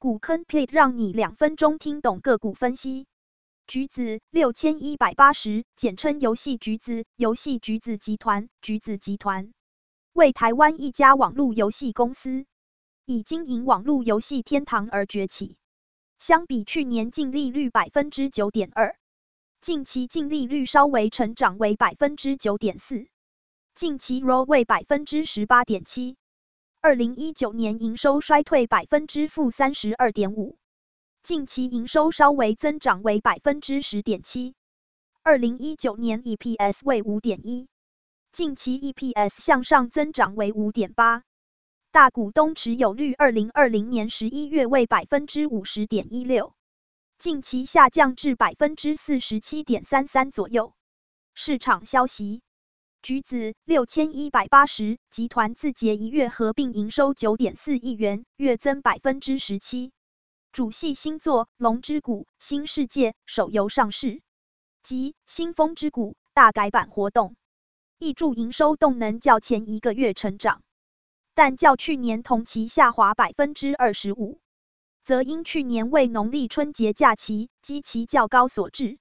股坑 plate 讓你兩分鐘聽懂個股分析。橘子六千一百八十，6, 180，簡稱遊戲橘子，遊戲橘子集團，橘子集團為臺灣一家網絡遊戲公司，以經營網絡遊戲天堂而崛起。相比去年淨利率百分之九點二，近期淨利率稍微成長為百分之九點四，近期 ROE 為百分之十八點七。二零一九年營收衰退百分之負三十二點五，近期營收稍微增長為百分之十點七。二零一九年 EPS 為五點一，近期 EPS 向上增長為五點八。大股東持有率二零二零年十一月為百分之五十點一六，近期下降至百分之四十七點三三左右。市場消息。橘子六千一百八十集團自結一月合併營收九點四億元，月增百分之十七。主係新作龍之谷、新世界手遊上市及新楓之谷大改版活動，挹注營收動能較前一個月成長，但較去年同期下滑百分之二十五，則因去年為農曆春節假期，基期較高所致。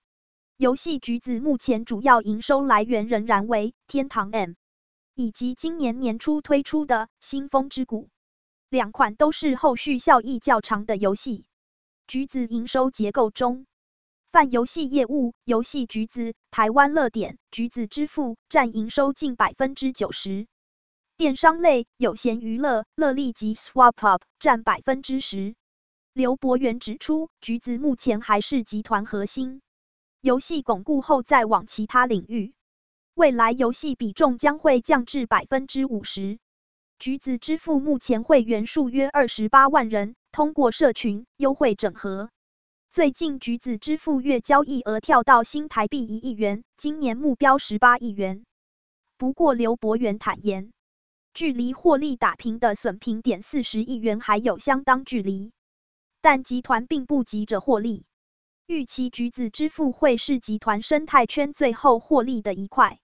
遊戲橘子目前主要營收來源仍然為《天堂 M》以及今年年初推出的《新楓之谷》，兩款都是後續效益較長的遊戲。橘子營收結構中，泛遊戲業務遊戲橘子、台灣樂點、橘子支付占營收近百分之九十，電商類有閒娛樂、樂利及 SwapUp 占百分之十。劉博元指出，橘子目前還是集團核心。遊戲鞏固後再往其他領域，未來遊戲比重將會降至百分之五十。橘子支付目前會員數約二十八萬人，通過社群優惠整合。最近橘子支付月交易額跳到新台幣一億元，今年目標十八億元。不過劉伯元坦言，距離獲利打平的損平點四十億元還有相當距離，但集團並不急着獲利。預期橘子支付會是集團生態圈最後獲利的一塊，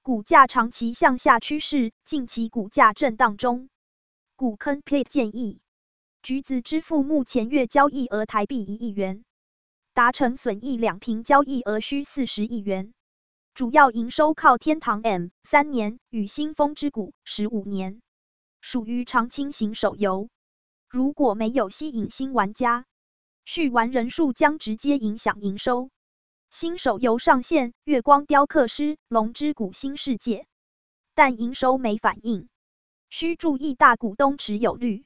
股價長期向下趨勢，近期股價震盪中。股坑 p l t e 建議，橘子支付目前月交易額台幣一億元，達成損益兩平交易額需四十億元，主要營收靠天堂 M 三年與新楓之谷十五年，屬於長青型手遊，如果沒有吸引新玩家，續玩人數將直接影響營收。新手遊上線，《月光雕刻師》、《龍之谷新世界》，但營收沒反應，需注意大股東持有率。